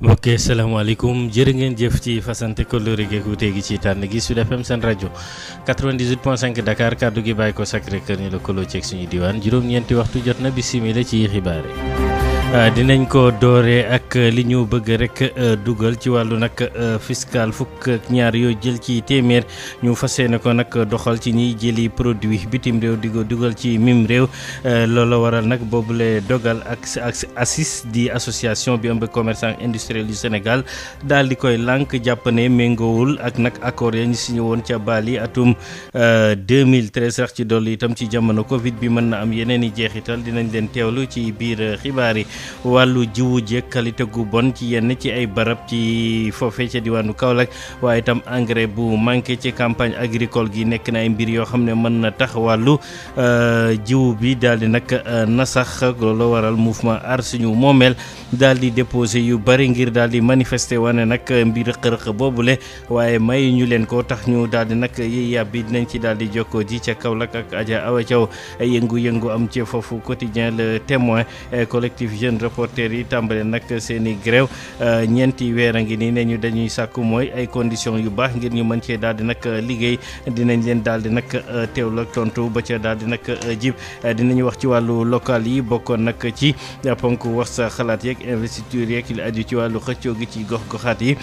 mbokk yi salaamaaleykum jërë ngeen jëf ci fasante kóllëre gi guute gi ci tànn gi Sud FM seen rajo 98.5 Dakar kàddu gi bàyyi ko Sacré Cœur ñu lëkkaloo ceeg suñu diwaan juróom-ñeenti waxtu jot na bisimila ci xibaar yi Euh, dinañ ko dooree ak li ñu bëgg rek euh, dugal ci wàllu nag euh, fiscal fukk ñaar yoo jël ci téeméer ñu fas yéene ko nag doxal ci ñiy jëli produit bitim réew di ko dugal ci mim réew loola waral nag boobule dogal ak ak di association bi ëmb commerçant industriel du Sénégal daal di koy lànk jàpp ne méngoowul ak nag accord ya ñu signé woon ca Bali atum 2013 sax ci doll itam ci jamono Covid bi mën na am yeneen i jeexital dinañ leen teewlu ci biir xibaar yi. wàllu jiwu jeeg gu bon ci yenn ci ay barab ci foofe ca diwaanu Kaolack waaye itam engrais bu manqué ci campagne agricole gi nekk na ay mbir yoo xam ne mën na tax wàllu euh, jiw bi daal di nag euh, nasax loolu waral mouvement aar suñu moomeel daal di déposé yu bari ngir daal di manifester wane nag mbir rëq-rëq boobule waaye may ñu leen ko tax ñu daal di nag yiy yàbbi dinañ ci daal di jokkoo ji ca Kaolack ak Adja Awa Thiaw yëngu-yëngu am ci foofu quotidien le témoin euh, jeune reporter yi tàmbale nag seen i grève euh, ñeenti weer a ngi nii ne ñu dañuy sàkku mooy ay conditions yu baax ngir ñu mën cee daal di nag euh, liggéey dinañ leen daal di nag euh, teewlu ak ba ca daal di nag jib dinañu wax ci wàllu local yi bokkoon nag ci ponk wax sa xalaat yeeg investiture yeeg li aju ci wàllu xëccoo gi ci gox goxaat yi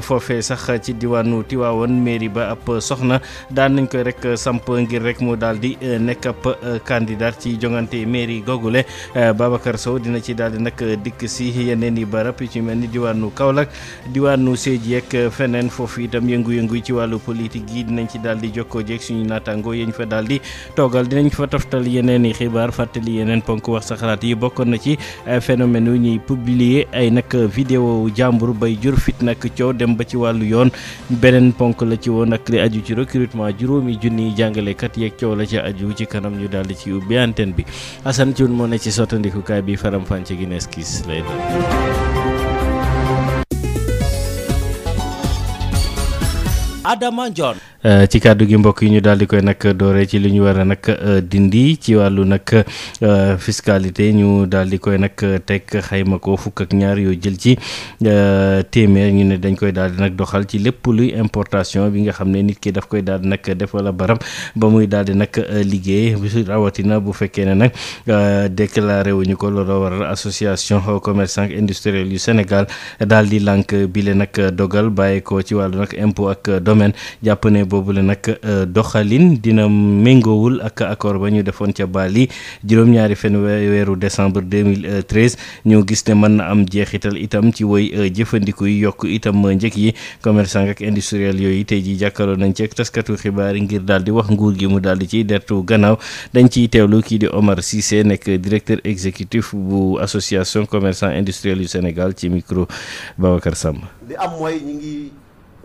foofe sax ci diwaanu Tiwaawoon mairie ba ab soxna daan nañ koy rek samp ngir rek mu daal di nekk ab candidat ci jongante mairie googule Babacar Sow dina ci daal di nag dikk si yeneen i barab yu ci mel ni diwaanu Kaolack diwaanu Sédhiou ak feneen foofu itam yëngu-yëngu ci wàllu politique yi dinañ ci daal di jokkoo jeeg suñu naataango yéen fa daal di toogal dinañ fa toftal yeneen i xibaar fàttali yeneen ponk wax sa xalaat yi bokkoon na ci eh, phénomène yu ñuy publier ay nag vidéo jàmbur bay jur fit nag coow dem ba ci wàllu yoon beneen ponk la ci woon ak li aju ci recrutement juróomi junniy jàngalekat yeeg coow la ci aju ci kanam ñu daal di ci ubbi bi çirkin eskisi Leyla. Adama Ndione. Eh, ci kàddu gi mbokk yi ñu daal di koy nag doore ci li ñu war a nag eh, dindi ci wàllu nag eh, fiscalité ñu daal di koy nag teg xayma ko fukk ak ñaar yoo jël ci téeméer ñu ne dañ koy daal di nag doxal ci lépp luy importation bi nga xam ne nit ki daf koy daal di nag def wala ba muy daal di nag liggéey rawatina bu fekkee ne nag déclaré wuñu ko looloo waral association commerçants industriels yu Sénégal daal di lànk bile nag dogal bàyyi ko ci wàllu nag domaine jàpp boobu boobule nag euh, doxalin dina méngoowul ak accord ba ñu defoon ca Bali juróom-ñaari fen weeru décembre 2013 ñu gis ne mën na am jeexital itam ci woy euh, jëfandiku yi yokk itam njëg yi commerçant ak industriel yooyu tey ji jàkkaarloo nañ ci ak taskatu xibaar yi ngir daal di wax nguur gi mu daal di ciy dertu gannaaw dañ ciy teewlu kii di Omar Cissé nekk directeur exécutif bu association commerçant industriel yu Sénégal ci micro Babacar Samb li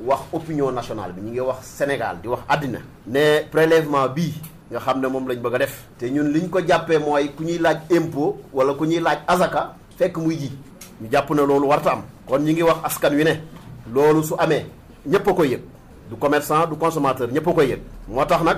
wax opinion nationale bi ñu ngi wax Sénégal di wax àddina ne prélèvement bii nga xam ne moom lañ bëgg a def te ñun li ñu ko jàppee mooy ku ñuy laaj impôt wala ku ñuy laaj azaka fekk muy ji ñu jàpp na loolu warta am kon ñu ngi wax askan wi ne loolu su amee ñëpp a koy yëg du commerçant du consommateur ñëpp a koy yëg moo tax nag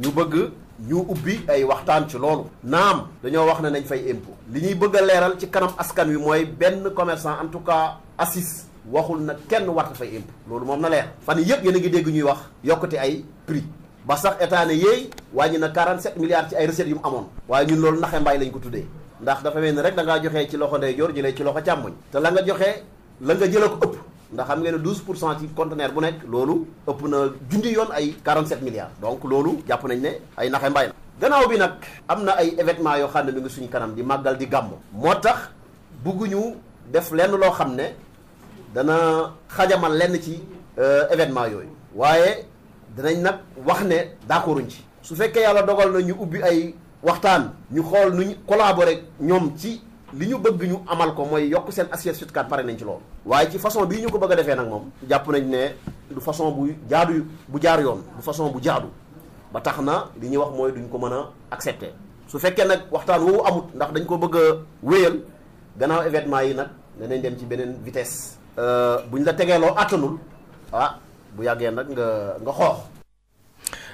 ñu bëgg ñu ubbi ay waxtaan ci loolu naam dañoo wax ne nañ fay impôt li ñuy bëgg a leeral ci kanam askan wi mooy benn commerçant en tout cas assis waxul nag kenn warta fay imp loolu moom na leer fan yëpp yéen a ngi dégg ñuy wax yokkute ay prix ba sax etaane ne yéey wàññi na 47 milliards ci ay recettes yu amoon waaye ñun loolu naxe mbaay lañ ko tuddee ndax dafa mel ni rek da ngaa joxee ci loxo ndeyjoor jëlee ci loxo càmmoñ te la nga joxee la nga jëlee ko ëpp ndaxam xam ngeen ne 12 pour cent ci conteneur bu nekk loolu ëpp na junni yoon ay 47 milliards donc loolu jàpp nañ ne ay naxe mbaay la gannaaw bi nag am na ay événement yoo xam ne mi ngi suñu kanam di màggal di gàmm moo tax bugguñu def lenn loo xam ne dana xajamal lenn ci euh, événement yooyu waaye dinañ nag wax ne d'accorduñ ci su fekkee yàlla dogal na ñu ubbi ay waxtaan ñu xool nuñ collaborer ñoom ci li ñu bëgg ñu amal ko mooy yokk seen assiette SUTCAT pare nañ ci loolu waaye ci façon bii ñu ko bëgg a defee nag moom jàpp nañ ne du façon bu jaadu bu jaar yoon du façon bu jaadu ba tax na li ñuy wax mooy duñ ko mën a accepter su fekkee nag waxtaan woowu amut ndax dañ ko bëgg wéyal gannaaw événement yi nag danañ dem ci beneen vitesse Euh, bu buñ la tegeeloo attanul ah bu yàggee nag nga nga xoox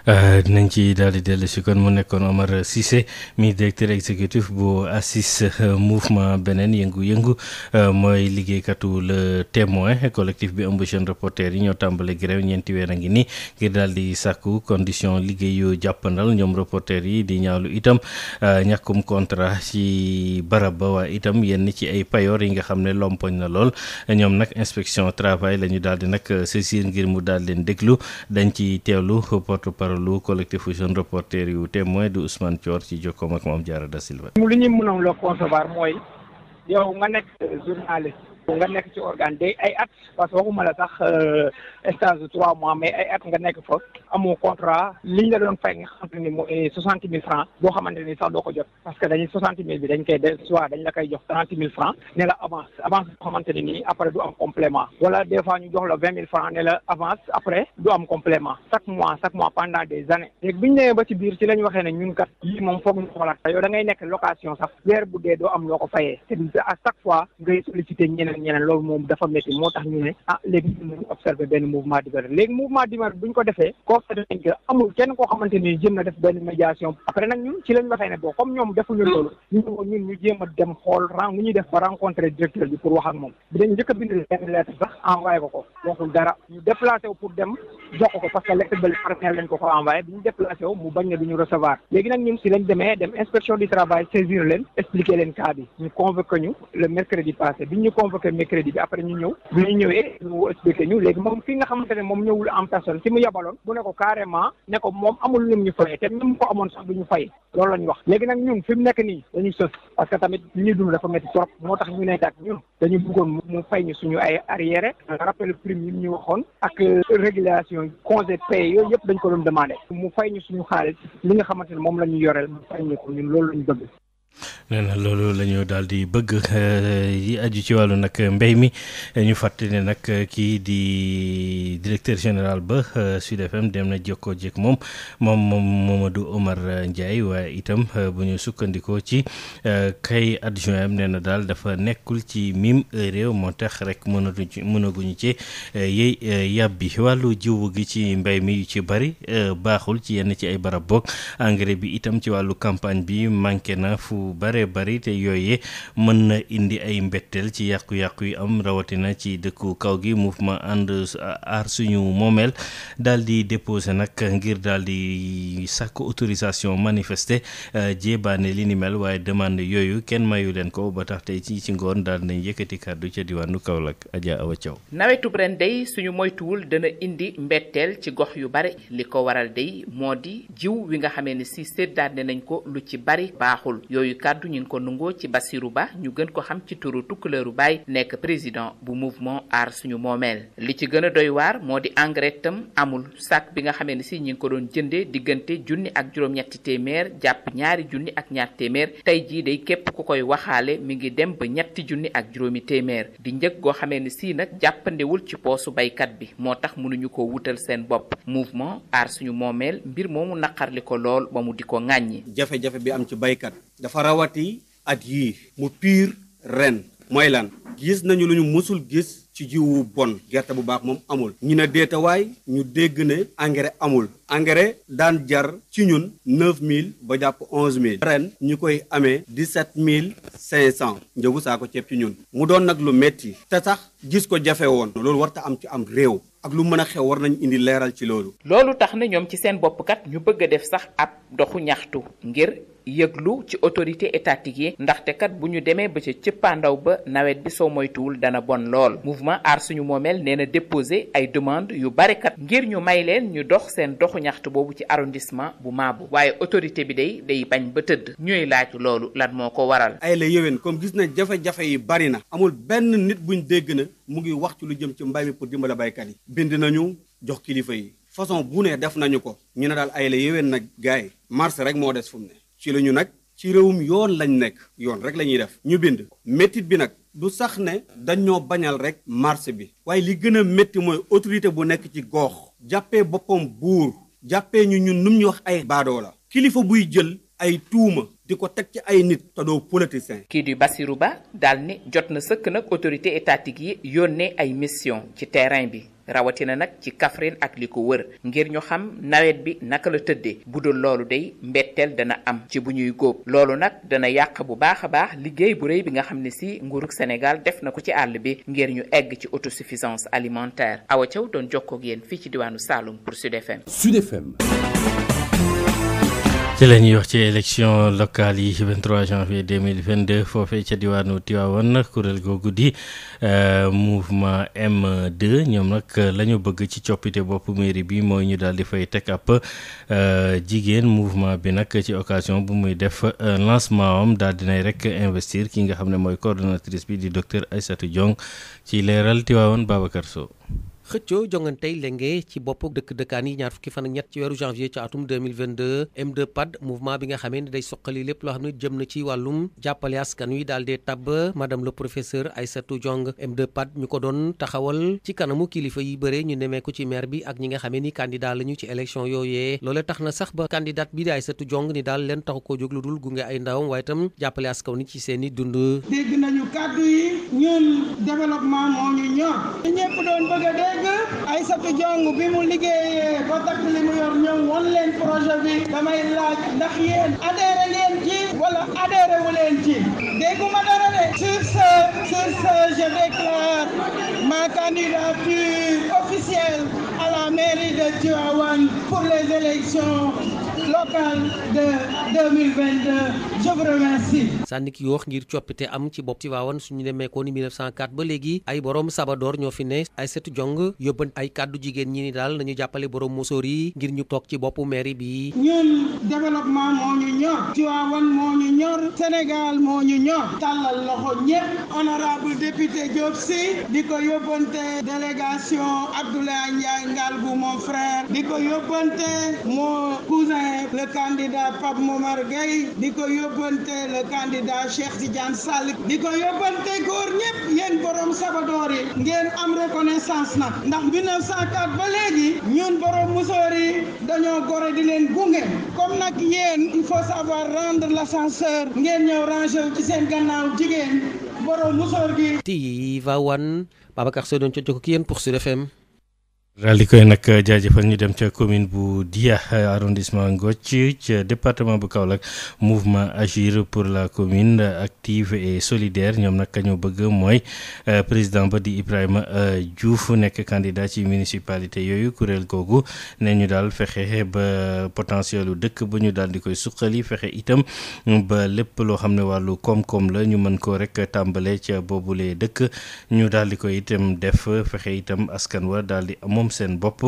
Euh, nañ ci daal di dellu si kon mu nekkoon Omar Cissé mi directeur exécutif bu ACIS euh, mouvement beneen yëngu-yëngu euh, mooy liggéeykatu le témoin collectif bi ëmb jeune reporter yi ñoo tàmbale grève ñeenti weer a ngi nii ngir daal di sàkku condition liggéey yu jàppandal ñoom reporter yi di ñaawlu itam ñàkkum contrat ci barab ba waa itam yenn ci ay payoor yi nga xam ne lompoñ na lool ñoom nag inspection travail la ñu daal di nag saisir ngir mu daal leen déglu dañ ci naqarlu collectif jeune reporter yu témoin du Ousmane Thior ci jokkoom ak moom Diarra Da Silva. ñuy mën a loo mooy yow nga nekk journaliste. nga nekk ci organe day ay at parce que waxuma la sax euh, stage trois mois mais ay at nga nekk fa amoo contrat liñ la doon fay nga xamante ni mooy soixante mille francs boo xamante ni sax doo ko jot parce que dañuy soixante mille bi dañ koy de soit dañ la koy jox trente mille francs ne la avance avance boo xamante nii après du am complément chaque mois chaque mois pendant des années léegi biñu ba ci biir ci lañ waxee ne ñun kat lii moom foog ñu xoolaat yow ñeneen ñeneen loolu moom dafa métti moo tax ñu ne ah léegi ñu observé benn mouvement d'humeur léegi mouvement d'humeur bu ko defee constaté nañ ni jëm def a ba rencontré directeur bi pour wax ak moom dinañ njëkk a bind benn lettre sax envoyé ko ko waxul dara ñu déplacé pour dem jox ko parce que lettre bali partenaire lañ ko ko envoyé bi ñu déplacé mu bañ ne duñu recevoir léegi nag ñun si lañ demee dem inspection du travail saisir leen expliquer leen cas ñu convoqué woote mercredi bi après ñu ñëw bi ñu ñëwee mu expliqué ñu léegi moom fi nga xamante ne moom ñëwul en personne si mu yabaloon bu ne ko carrément ne ko moom amul lu ñu fayee te ko amoon sax du ñu fay loolu la ñu wax léegi nag ñun fi mu nekk nii dañuy sës parce que tamit li ñuy dund dafa métti trop moo tax ñu ne daal ñun dañu bëggoon mu fay ñu suñu ay arrière rappel prime yi ñu waxoon ak euh, régulation congé pay yooyu yëpp dañ ko doon demandé mu fay ñu suñu xaalis li nga xamante ne moom la ñu yoreel mu fay ñu ñun loolu la ñu bëgg nee na loolu la ñu daal di bëgg eh, yi aju ci wàllu nag mbay mi ñu fàttali ne nag eh, kii di directeur général ba eh, Sud dem na jokkoo jéeg moom moom moom du Omar Ndiaye waaye itam bu ñu sukkandikoo ci kay adjoint am nee na daal dafa nekkul ci miim réew moo tax rek mënatuñ ci mënaguñu ci yey yàbbi wàllu jiwu gi ci mbay mi yu ci bari baaxul ci yenn ci ay barab boog engrais bi itam ci wàllu campagne bi manqué na fu. yu bare bari te yooyee mën na indi ay mbetteel ci yàqu-yàqu yi am rawatina ci dëkku kaw gi mouvement ànd aar suñu moomeel daal di déposé nag ngir daal di sàkk autorisation manifester e, jéebaane li ni mel waaye demande yooyu kenn mayu leen ko ba tax tey ci ci ngoon daal nañ yëkkati kàddu ca kaw Kaolack Adja Awa Thiaw nawetub ren day suñu moytuwul dana indi mbetteel ci gox yu bare li ko waral day moo di jiw wi nga xamee ne si séddaane nañ ko lu ci bari yooyu kàddu ñi ko nungoo ci Bassirou Ba ñu gën ko xam ci turu Tukulëru Baay nekk président bu mouvement aar suñu moomeel li ci gën a doy waar moo di engrais tam amul sac bi nga xamee ne si ñi ngi ko doon jëndee junni ak juróom téeméer jàpp ñaari junni ak ñaar téeméer tey jii day képp ku koy waxaale mi ngi dem ba ñetti junni ak juróomi téeméer di njëg goo xamee ne si nag jàppandewul ci poosu baykat bi moo tax mënuñu ko wutal seen bopp mouvement aar suñu moomeel mbir moomu naqarli ko lool ba mu di ko ŋàññi jafe-jafe bi am ci baykat dafa rawati at yii mu piir ren mooy gis nañu lu ñu mësul gis ci jiwu bon gerte bu baax moom amul ñu ne deetawaay ñu dégg ne engrais amul engrais daan jar ci ñun 9000 ba jàpp 11000 ren ñu koy amee 17500 njëgu saako ceeb ci ñun mu doon nag lu metti te tax gis ko jafe woon loolu warta am ci am réew ak lu mën a xew war nañ indi leeral ci loolu loolu tax na ñoom ci seen bopp kat ñu bëgg a def sax ab doxu ñaxtu ngir yëglu ci autorité étatique yi ndaxte kat bu ñu demee ba ca cëppaandaw ba nawet bi soo moytuwul dana bon lool mouvement aar suñu moomeel nee na déposé ay demande yu bari kat ngir ñu may leen ñu dox seen doxu ñaxtu boobu ci arrondissement bu Maabu waaye autorité bi day day bañ ba tëdd ñuy laaj loolu lan moo ko waral. ay la yéwén comme gis na jafe-jafe yi bari na. amul benn nit buñ dégg na mu ngi wax ci lu jëm ci mbay mi pour dimbale baykat yi. bind nañu jox kilifa yi façon bu ne def nañu ko ñu ne daal ay la yi marché rek moo des ci la ñu nag ci réewum yoon lañ nekk yoon rek la ñuy def ñu bind méttit bi nag du sax ne dañoo bañal rek marché bi waaye li gën a métti mooy autorité bu nekk ci goox jàppee boppam buur jàppee ñu ñun num ñu wax ay baadoo la kilifa buy jël ay tuuma di ko teg ci ay nit te doo kii di Bassirou Ba daal ni jot na sëkk nag autorité étatique yi yónnee ay mission ci terrain bi. rawatina nag ci kafrin ak li ko wër ngir ñu xam nawet bi naka la tëddee bu dul loolu day mbetteel dana am ci bu ñuy góob loolu nag dana yàq bu baax a baax liggéey bu rëy bi nga xam ne si nguurug Sénégal def na ko ci àll bi ngir ñu egg ci autosuffisance alimentaire Awa Thiaw doon jokkoo ak yéen fii ci diwaanu saalum pour Sud FM. ci la ñuy wax ci élection locale yi 23 janvier 2022 foofee ca diwaanu Tivaouane kuréel googu di euh, mouvement M2 ñoom nag la ñu bëgg ci coppite boppu mairie bi mooy ñu daal di fay teg ab euh, jigéen mouvement bi nag ci occasion bu muy def euh, lancement am daal dinay rek investir ki nga xam ne mooy coordonnatrice bi di docteur Aïssatou Diong ci leeral Tivaouane Babacar Sow xëccoo jongantey lenge ci bopp dëkk-dëkkaan yi ñaar fukki fan ak ñett ci weeru janvier ci atum 2022 M2 PAD mouvement bi nga xamee ni day soqali lépp loo xam ne jëm na ci wàllum jàppale askan wi daal dee tabb madame le professeur Aïssatou Diong M2 PAD ñu ko doon taxawal ci kanamu kilifa yi bëree ñu ko ci maire bi ak ñi nga xamee ni candidat lañu ci élection yooyee loole tax na sax ba candidat bi di Aïssatou Diong ni daal leen taxu koo jóg lu dul gunge ay ndawam waaye itam jàppale askan wi seeni dund dëgg Aïssatou Diong bi mu liggéeyee ba takk li mu yor ñoom won leen projet bi damay laaj ndax yéen adhéré leen ci wala adhéré leen ci dégguma dara de sur ce sur ce je déclare ma candidature officielle à la mairie de Tivaouane pour les élections locale de 2022 je vous ngir coppite am ci bopp Tivaouane suñu demee ko ni 1904 ba léegi ay borom sabadoor ñoo fi ne ay set jong yóbban ay kàddu jigéen ñi ni daal nañu jàppale borom musóor yi ngir ñu toog ci boppu meeri bi. ñun développement moo ñu ñor. Tivaouane moo ñu ñor. Sénégal moo ñu ñor. tàllal loxo ñëpp. honorable député Diop Sy di ko yóbbante délégation Abdoulaye Ndiaye Ngalgou mon frère di ko yóbbante mon cousin. le candidat Pape Momar di ko yóbbante le candidat Cheikh Tidiane Sall di ko yóbbante góor ñëpp yéen borom sabadoor yi ngeen am reconnaissance nag ndax 1904 ba léegi ñun borom musóor yi dañoo gore di leen gunge comme nag yéen il faut savoir rendre l'ascenseur ngeen ñëw rangé ci seen gannaaw jigéen borom musóor gi. Tivaouane Babacar Seye doon cocc ki yéen pour Sud FM. daal di koy nag jaajëfal ñu dem ca commune bu Dia arrondissement Ngocc ca département bu Kaolack mouvement agir pour la commune active et solidaire ñoom nag ñoo bëgg mooy euh, président ba di Ibrahima euh, Diouf nekk candidat ci municipalité yooyu kuréel googu nee ñu daal fexe ba potentiel lu dëkk ba ñu daal di koy suqali fexe itam ba lépp loo xam ne wàllu koom-koom la ñu mën koo rek tàmbale ca boobule dëkk ñu daal di koy itam def fexe itam askan wa daal di moom seen bopp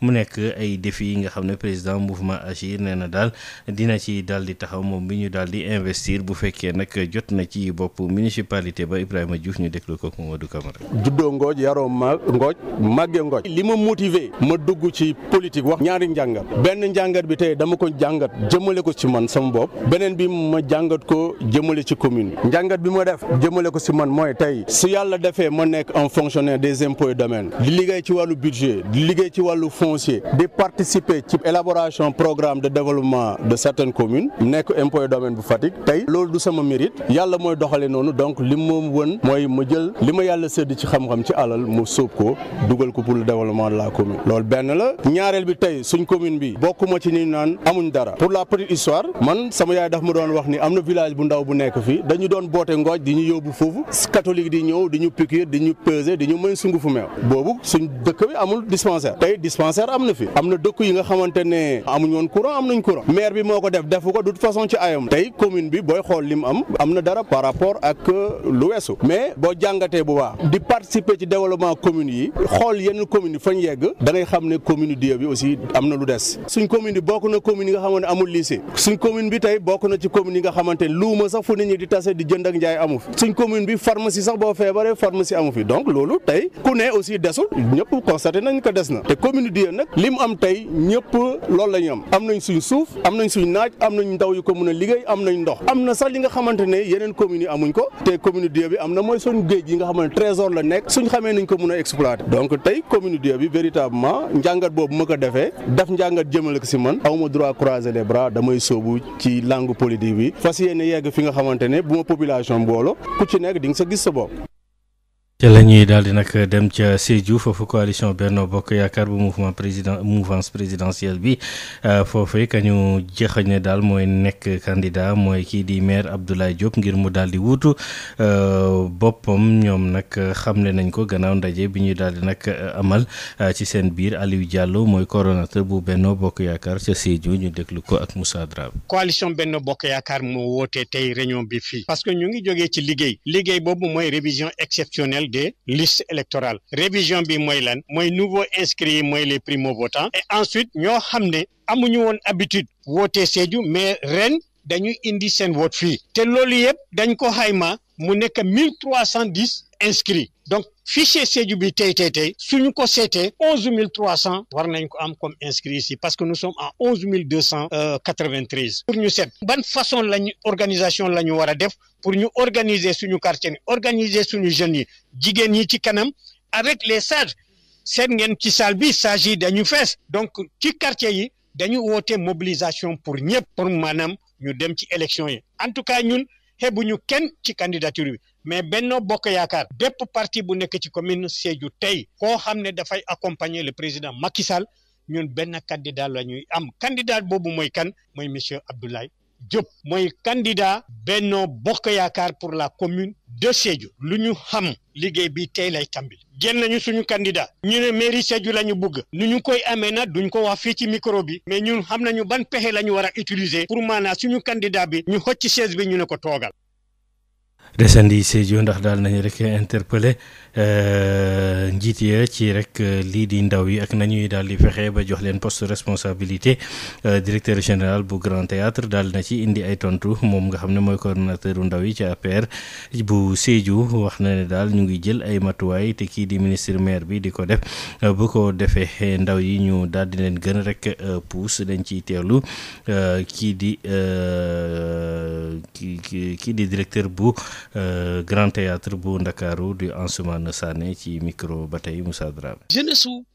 mu nekk ay défis yi nga xam ne président mouvement Agir nee na daal dina ci daal di taxaw moom bi ñu daal di investir bu fekkee nag jot na ci bopp municipalité ba Ibrahima Diouf ñu déglu ko Mamadou Camara. juddoo Ngooj yaroo ma Ngooj màggee Ngooj. li ma motivé ma dugg ci politique wax ñaari njàngat benn njàngat bi tey dama ko jàngat jëmale ko ci man sama bopp beneen bi ma jàngat ko jëmale ci commune bi njàngat bi ma def jëmale ko ci man mooy tey su yàlla defee ma nekk un fonctionnaire des impôts et di liggéey ci wàllu foncier di participer ci élaboration programme de développement de certaines communes nekk impôt domaine bu Fatick tey loolu du sama mérite yàlla mooy doxale noonu donc li moom wën mooy ma jël li ma yàlla sédd ci xam-xam ci alal mu sóob ko dugal ko pour le développement de la commune loolu benn la ñaareel bi tey suñ commune bi bokkuma ci ni naan amuñ dara pour la petite histoire man sama yaay daf ma doon wax ni am na village bu ndaw bu nekk fii dañu doon boote ngooj di ñu yóbbu foofu catholique di ñëw di ñu piqûre di ñu peser di ñu may sungu fu meew dispensaire am na fi am na dëkk yi nga xamante amuñ woon courant am nañ courant maire bi moo ko def defu ko de toute façon ci ayam tey commune bi booy xool lim am am na dara par rapport ak euh, lu weesu mais boo jàngatee bu baax di participer ci développement commune yi xool yenn commune fañ yegg da ngay xam ne commune Dya bi aussi am na lu des suñ commune bi yi nga xamante ne amul lycée suñ commune bi tey bokk na ci commune yi nga xamante luuma sax fu nit ñi di tase di jënd ak njaay amu fi suñ daanaka des na te commune Dieu nag li mu am tey ñëpp loolu la ñu am am nañ suñ suuf am nañ suñ naaj am nañ ndaw yu ko mën a liggéey am nañ ndox am na sax li nga xamante ne yeneen communes yi amuñ ko te commune bi am na mooy suñ géej yi nga xam ne trésor la nekk suñ xamee nañ ko mun a exploiter donc tey commune bi véritablement njàngat boobu ma ko defee daf njàngat jëmale ko si man awma droit croiser les bras damay sóobu ci langue politique bi fas yéene yegg fi nga xamante ne bu ma population mbooloo ku ci nga sa gis sa bopp ca la ñuy daal di nag dem ca Sédhiou foofu coalition Benno Bokk Yaakaar bu mouvement président bi euh, foofu ka ñu jeexañ ne daal mooy nekk candidat mooy kii di maire Abdoulaye Diop ngir mu daal di wuutu euh, boppam ñoom nag xamle nañ ko gannaaw ndaje bi ñuy daal di nag amal euh, ci seen biir Aliou Diallo mooy coordonnateur bu Benno Bokk Yaakaar ca Sédhiou ñu déglu ko ak musa Drabé. coalition Benno Bokk Yaakaar moo woote tey réunion bi fii. parce que ñu ngi jógee ci liggéey. liggéey boobu des listes électorales révision bi mooy lan mooy nouveau primo votants et ensuite ñoo xam ne amuñu woon habitude wootee mais ren dañuy indi seen vote fii te loolu yëpp dañ ko xayma mu nekk mille trois cent dix inscrits donc fichier Sédhiou bi tey tey tey suñu ko seetee onze mille trois cent war nañ ko am comme inscrits ici parce que nu sommes à onze mille deux cent euh, quatre vingt pour ñu seet ban façon lañu organisation la ñu war a def pour ñu organiser suñu quartier ni organiser suñu jeunes yi jigéen ñi ci kanam avec les sages seet ngeen ci salle bi sages yi dañu fees donc ci quartier yi dañu woote mobilisation pour ñëpp pour maanaam ñu dem ci élection yi en tout cas ñun xebuñu kenn ci candidature bi mais Benno Bokk Yaakaar bépp parti bu nekk ci commune Sédhiou tey koo xam ne dafay accompagner le président Macky Sall ñun benn candidat la ñuy am candidat boobu mooy kan mooy monsieur Abdoulaye Diop mooy kandida Benno Bokk Yaakaar pour la commune de Sédhiou lu ñu xam liggéey bi tey lay tàmbali génn nañu suñu kandida ñu ne mairie Sédhiou la ñu bëgg nu ñu koy amee na duñ ko wax fii ci micro bi mais ñun xam nañu ban pexe la ñu war a utiliser pour suñu kandida bi ñu xocc chaise bi ñu ne ko toogal. desandi Sédhiou ndax daal nañu rek interpellé euh, njiit ya ci rek euh, lii di ndaw yi ak nañuy daal di fexe ba jox leen poste responsabilité euh, directeur général bu Grand Théâtre daal na ci indi ay tontu moom nga xam ne mooy ko coordonnateur ndaw yi ci APR bu Sédhiou wax na ne daal ñu ngi jël ay matuwaay te kii di ministre maire bi di ko def bu ko defee ndaw yi ñu daal di leen gën rek puus dañ ciy teewlu kii di kii kii di directeur bu. euh, Grand Théâtre bu Ndakaaru di Ansoumana Sané ci micro ba tey Moussa Dramé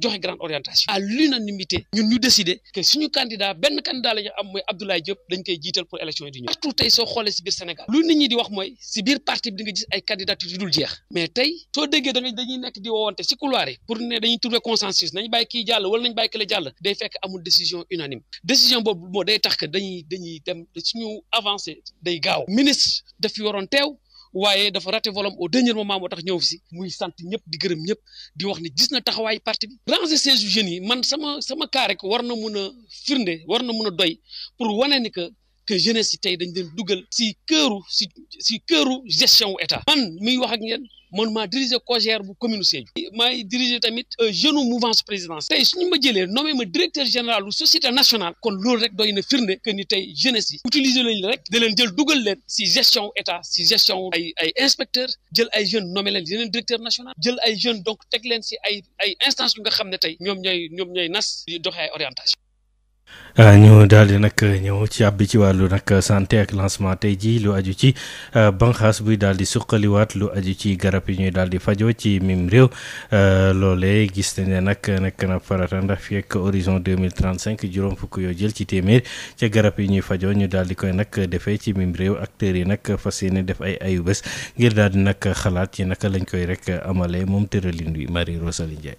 joxe grande orientation à l'unanimité ñun ñu décider que suñu candidat benn candidat la ñu am mooy Abdoulaye Diop dañ koy jiital pour élection yi di ñëw xoolee si biir Sénégal lu nit ñi di wax mooy si biir parti bi di nga gis ay candidature yu dul jeex mais tey soo déggee da nga dañuy nekk di woowante si couloir yi pour ne dañuy trouver consensus nañ bàyyi kii jàll wala nañ bàyyi kële jàll day fekk amul décision unanime décision boobu moo day tax que dañuy dañuy dem suñu avancer day gaaw ministre daf fi waroon teew waaye dafa raté volam au dernier moment moo tax ñëw fi si muy sant ñëpp di gërëm ñëpp di wax ni gis na taxawaay parti bi ranger siège yu jeunes yi man sama sama cas rek war na mun a firnde war na mun a doy pour wane ni que que jeunesse yi tey dañ leen dugal si këru si si këru gestion wu état man muy wax ak ngeen man maa dirigé COJER bu commune Sédhiou maay dirigé tamit euh, jeune mouvance présidence tey suñu ma jëlee nommé ma directeur général lu société nationale kon loolu rek doy na firnde que ni tey jeunesse yi utiliser lañ rek da leen jël dugal leen si gestion état si gestion ay ay inspecteurs jël ay jeunes nommé leen national jël ay jeunes donc teg leen si ay ay instances yu nga xam ne tey ñoom ñooy ñoom ñooy nas di doxee ay orientation Euh, ñu daal di nag ñëw ci bi ci wàllu nag santé ak lancement tey jii lu aju ci euh, banxaas buy daal di suqaliwaat lu aju ci garab yi ñuy daal di fajoo ci mim réew euh, loole gis nañ ne nag nekk na farata ndax fii ak horizon deux mille trente cinq juróom fukk yoo jël ci téeméer ca garab yi ñuy fajoo ñu daal di koy nag defee ci mim réew acteurs yi nag fas yéene def ay ayu bés ngir daal di nag xalaat yi naka lañ koy rek amalee moom tëralin wi Marie Rosalie Ndiaye.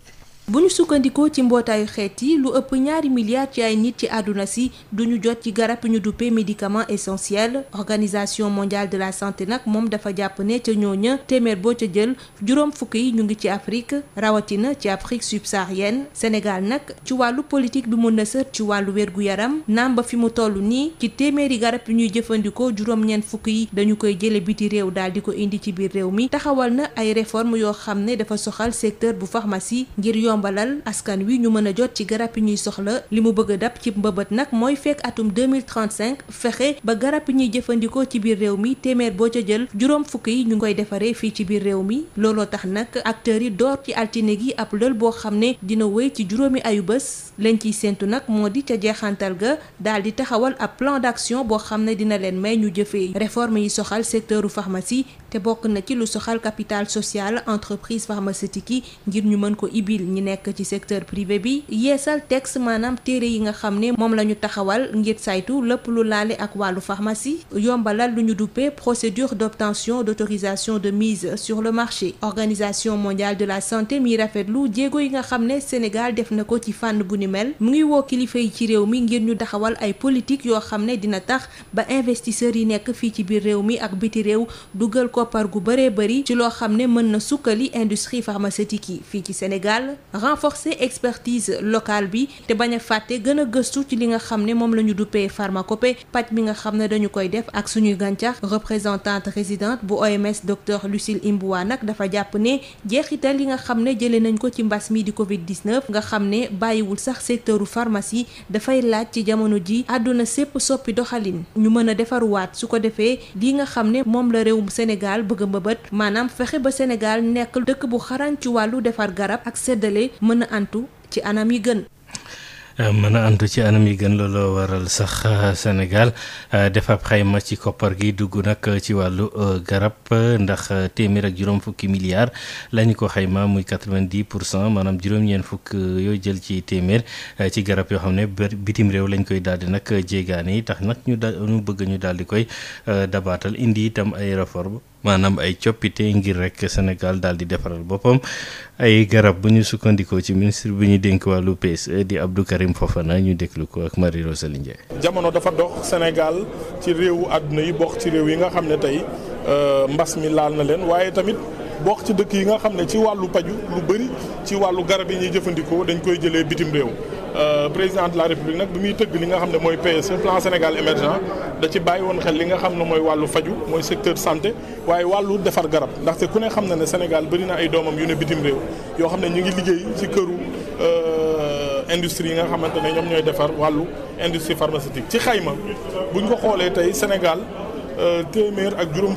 bu ñu sukkandikoo ci mbootaayu xeet yi lu ëpp ñaari milliards ci ay nit ci àdduna si duñu jot ci garab ñu duppee médicament essentiel organisation mondial de la santé nag moom dafa jàpp ne ca ñooña téeméer boo ca jël juróom fukk yi ñu ngi ci Afrique rawatina ci Afrique subsaharienne Sénégal nag ci wàllu politique bi mun na sër ci wàllu wérgu yaram naam fi mu toll nii ci téeméeri garab yi ñuy jëfandikoo juróom-ñeent fukk yi dañu koy jële biti réew daal di ko indi ci biir réew mi taxawal na ay réforme yoo xam ne dafa soxal secteur bu pharmacie ngir yomb yombalal askan wi ñu mën a jot ci garab yi ñuy soxla li mu bëgg a dab ci mbëbët nag mooy fekk atum 2035 fexe ba garab yi ñuy jëfandikoo ci biir réew mi téeméer boo ca jël juróom fukk yi ñu ngi koy defaree fii ci biir réew mi looloo tax nag acteurs yi door ci altine gi ab lël boo xam ne dina wéy ci juróomi ayu bés lañ ciy séentu nag moo di ca jeexantal ga daal di taxawal ab plan d'action boo xam ne dina leen may ñu jëfee réforme yi soxal secteuru pharmacie te bokk na ci lu soxal capital social entreprise pharmaceutique yi nekk ci secteur privé bi yeesal texte maanaam téere yi nga xam ne moom la ñu taxawal ngir saytu lépp lu laale ak wàllu pharmacie yombalal lu ñu duppee procédure d'obtention d'autorisation de mise sur le marché organisation mondiale de la santé mii rafet lu jéego yi nga xam ne Sénégal def na ko ci fànn bu ni mel mu ngi woo kilifa yi ci réew mi ngir ñu taxawal ay politique yoo xam ne dina tax ba investisseur yi nekk fii ci biir réew mi ak biti réew dugal koppar gu bëree bëri ci loo xam ne mën na sukkali industrie pharmaceutique yi fii ci Sénégal renforcer expertise locale bi te bañ a fàtte gën a gëstu ci li nga xam ne moom la ñu duppee pharmacopée paj mi nga xam ne dañu koy def ak suñuy gàncax représentante résidente bu OMS docteur Lucille Imbouwa nag dafa jàpp ne jeexital yi nga xam ne jëlee nañ ko ci mbas mi di Covid 19 nga xam ne bàyyiwul sax secteuru pharmacie dafay laaj ci jamono ji àdduna sépp soppi doxalin ñu mën a defaruwaat su ko defee li nga xam ne moom la réewum Sénégal bëgg a mbëbët maanaam fexe ba Sénégal nekk dëkk bu xarañ ci wàllu defar garab ak séddale boobee mën a antu ci anam yi gën. Euh, mën antu ci anam yi gën looloo waral sax euh, Sénégal euh, def ab xayma ci koppar gi dugg nag ci wàllu garab ndax téeméer ak juróom fukki milliards lañu ko xayma muy quatre vingt pour cent maanaam juróom-ñeent fukk yoo jël ci téeméer ci garab yoo xam ne bitim réew lañ koy daal di nag jéegaane yi tax nag ñu da ñu bëgg ñu daal di koy dabaatal indi itam ay réforme maanaam ay coppite ngir rek Sénégal daal di defaral boppam ay garab bu ñu sukkandikoo ci ministre bi ñuy dénk wàllu PSE di Abdou Karim Fofana ñu déglu ko ak Marie Rosalie Ndiaye. jamono dafa dox Sénégal ci réewu àdduna yi bokk ci réew yi nga xam ne tey euh, mbas mi laal na leen waaye tamit. bokk ci dëkk yi nga xam ne ci wàllu paju lu bëri ci wàllu garab yi ñuy jëfandikoo dañ koy jëlee bitim réew euh, président de la république nag bi muy tëgg li nga xam ne mooy PSE plan Sénégal émergent da ci bàyyi woon xel li nga xam ne mooy wàllu faju mooy secteur santé waaye wàllu defar garab ndaxte ku ne xam na ne Sénégal bëri na ay doomam yu ne bitim réew yoo xam ne ñu ngi liggéey ci këru euh, industrie yi nga xamante ne ñoom ñooy defar wàllu industrie pharmaceutique ci xayma buñ ko xoolee tey Sénégal euh, téeméer ak juróom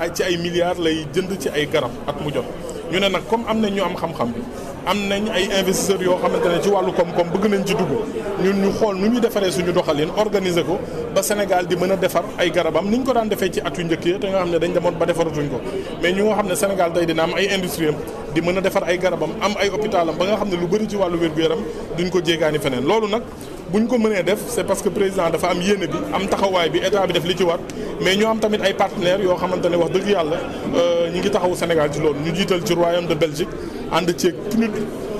ay ci ay milliards lay jënd ci ay garab at mu jot ñu ne nag comme am nañ ñu am xam-xam bi am nañ ay investisseurs yoo xamante ne ci wàllu koom-koom bëgg nañ ci dugg ñun ñu xool nu ñuy defaree suñu doxalin organiser ko ba senegal di mën a defar ay garabam ni ñu ko daan defee ci at yu njëkk yi te nga xam ne dañ demoon ba defaratuñ ko mais ñu nga xam ne Sénégal tey dina am ay industrie am di mën a defar ay garabam am ay hôpitalam ba nga xam ne lu bëri ci wàllu wér-gu-yaram duñ ko jéegaani feneen loolu nag bu ñu ko mënee def c' est parce que président dafa am yéene bi am taxawaay bi état bi def li ci war mais ñoo am tamit ay partenaires yoo xamante ne wax dëgg yàlla euh, ñu ngi taxawu Sénégal ci loolu ñu jiital ci royaume de Belgique ànd ceeg PNUD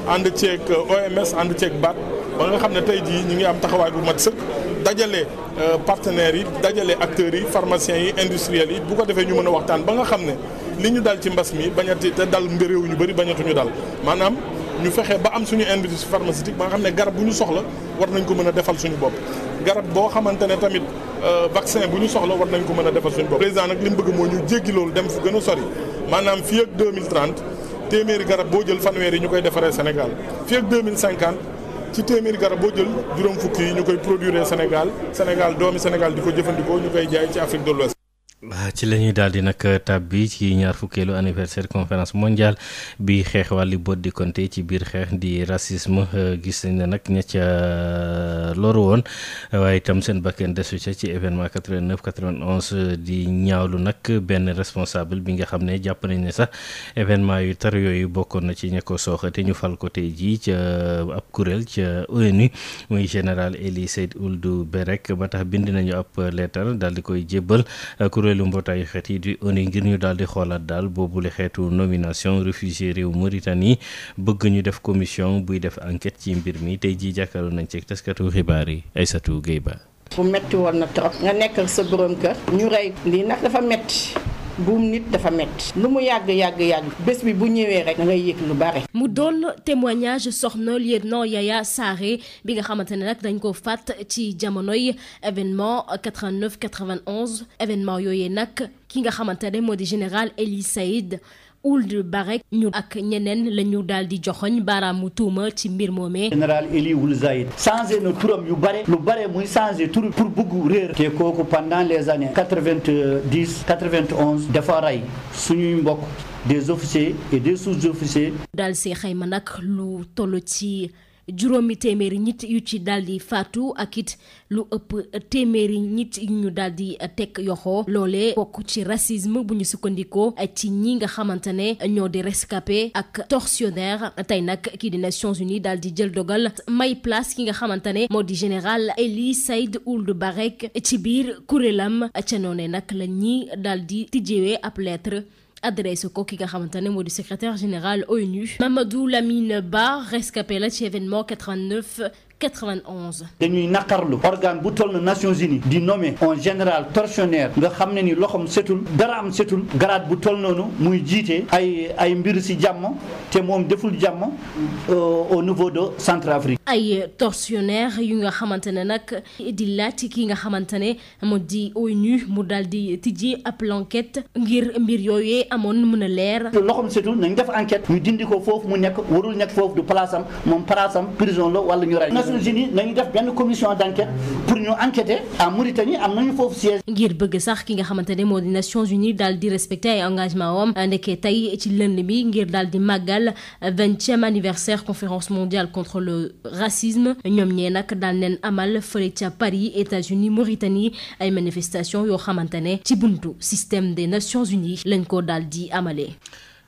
ànd ceeg euh, OMS ànd ceeg BAT ba nga xam ne tey jii ñu ngi am taxawaay bu mat sëkk dajale euh, partenaires yi dajale acteurs yi pharmaciens yi industriels yi bu ko defee ñu mën a waxtaan ba nga xam ne li ñu dal ci mbas mi bañati te dal mbir réew ñu bëri bañatuñu dal ñu fexe ba am suñu industrie pharmaceutique ba nga xam ne garab bu ñu soxla war nañ ko mën a defal suñu bopp garab boo xamante ne tamit euh, vaccin bu ñu soxla war nañ ko mën a defal suñu bopp. président nag li bëgg moo ñu jéggi loolu dem fu gën a sori maanaam fii ak 2030 téeméeri garab boo jël fanweer yi ñu koy defaree Sénégal fii ak 2050 ci téeméeri garab boo jël juróom fukki yi ñu koy produire Sénégal senegal doomi Sénégal di ko jëfandikoo ñu koy jaay ci Afrique ci la ñuy daal di nag tàbbi ci ñaar fukkeelu anniversaire conférence mondiale bi xeex wàlli bot di konte ci biir xeex di racisme gis nañ ne nag ña ca loru woon waaye itam seen bakken desu ca ci événement 89 91 di ñaawlu nag benn responsable bi nga xam ne jàpp nañ ne sax événement yu tar yu bokkoon na ci ña ko sooxate ñu fal ko tey jii ca ab kuréel ca ONU muy général Elie Seyd Ould Berek ba tax bind nañu ab leetar daal di koy jébbal kuréelu mbootaayu xeet yi di ONU ngir ñu daal di xoolaat daal boobule xeetu nomination réfugié réew Mauritanie bëgg ñu def commission buy def enquete ci mbir mi tey jii jàkkaarloo nañ xibaar yi Aïssatou Gueye Ba bu metti woon na trop nga nekk ak sa borom kër ñu rey lii nag dafa metti buum nit dafa métti lu mu yàgg yàgg yàgg bés bi bu ñëwee rek da yëg lu bare. mu doon témoignage soxna lieutenant Yaya Sarr bi nga xamante ne nag dañ ko fàtt ci jamonoy événement 89 91 événement yooyu nag ki nga xamante ne moo di général Elie Saïd Ould Barek ñu ak ñeneen la ñu daal di joxoñ baaraamu tuuma ci mbir moomee. général Eli Ould Zahid changé na turam yu bare lu bare muy changé tur pour buggu réer te kooku pendant les années quatre-vingt-dix quatre-vingt-onze dafa rey suñuy mbokk des officiers et des sous-officiers. daal see xayma nag lu toll ci. juróomi téeméeri nit yu ci daal di faatu ak it lu ëpp téeméeri nit yu ñu daal di teg yoxoo loole bokk ci racisme bu ñu sukkandikoo ci ñi nga xamante ne ñoo di rescapé ak tortionnaire tey nag kii di Nations Unies daal di jël dogal may place ki nga xamante ne moo di général Eli Saïd Ould Barek ci biir kuréelam ca noonee nag la ñi daal di tijjeewee ab lettre adresse ko ki nga xamante ne moo di secrétaire général ONU Mamadou Ba rescapé la ci événement 91. dañuy naqarlu organe bu toll na Nations Unies di nommer un général tortionnaire nga xam ne ni loxom setul dara am setul garaat bu toll noonu muy jiite ay ay mbir si jàmm te moom deful jàmm euh, au niveau de Centrafrique. ay tortionnaire yu nga xamante ne nag di laaj ki nga xamante ne moo di ONU mu daal di tijji ab enquête ngir mbir yooyee amoon mën a leer. loxom setul nañ def enquête ñu dindi ko foofu mu nekk warul nekk foofu du palaasam moom palaasam prison la wala ñu Nations Unies nañu def benn commission d' enquête pour ñu enquêter en Mauritanie am nañu foofu siège. ngir bëgg sax ki nga xamante ne moo di Nations Unies daal di respecte ay engagement wam ndekkee tey ci lënd bi ngir daal di màggal vingtième anniversaire conférence mondiale contre le racisme ñoom ñee nag daal neen amal fële ca Paris États-Unis Mauritanie ay manifestation yoo xamante ne ci buntu système des Nations Unies lañ ko daal di amalee.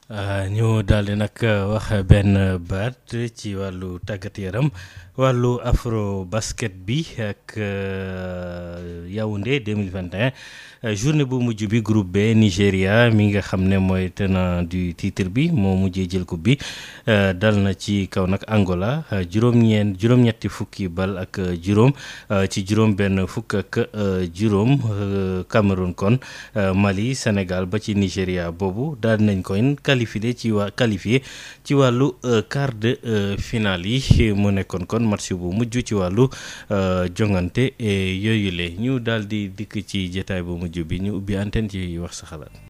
Euh, ñu daal di nag wax benn baat ci wàllu tàggat yaram wàllu afro basket bi ak euh, Yaoundé 2021 [r] Euh, journée bu mujj bi groupe B Nigéria mi nga xam ne mooy tenant du titre bi moo mujjee jël coupe bi euh, dal na ci kaw nag Angola euh, juróom-ñeen juróom-ñetti fukki bal ak juróom ci juróom-benn fukk ak juróom Cameroun kon Mali senegal ba ci Nigéria boobu dal nañ koy qualifié ci waa qualifié ci wàllu quart de final yi mu nekkoon kon match bu mujj ci wàllu jongante yooyu le ñu dal di dikk ci jotaay bu mujj bi ñu ubbi antenne :fra wax sa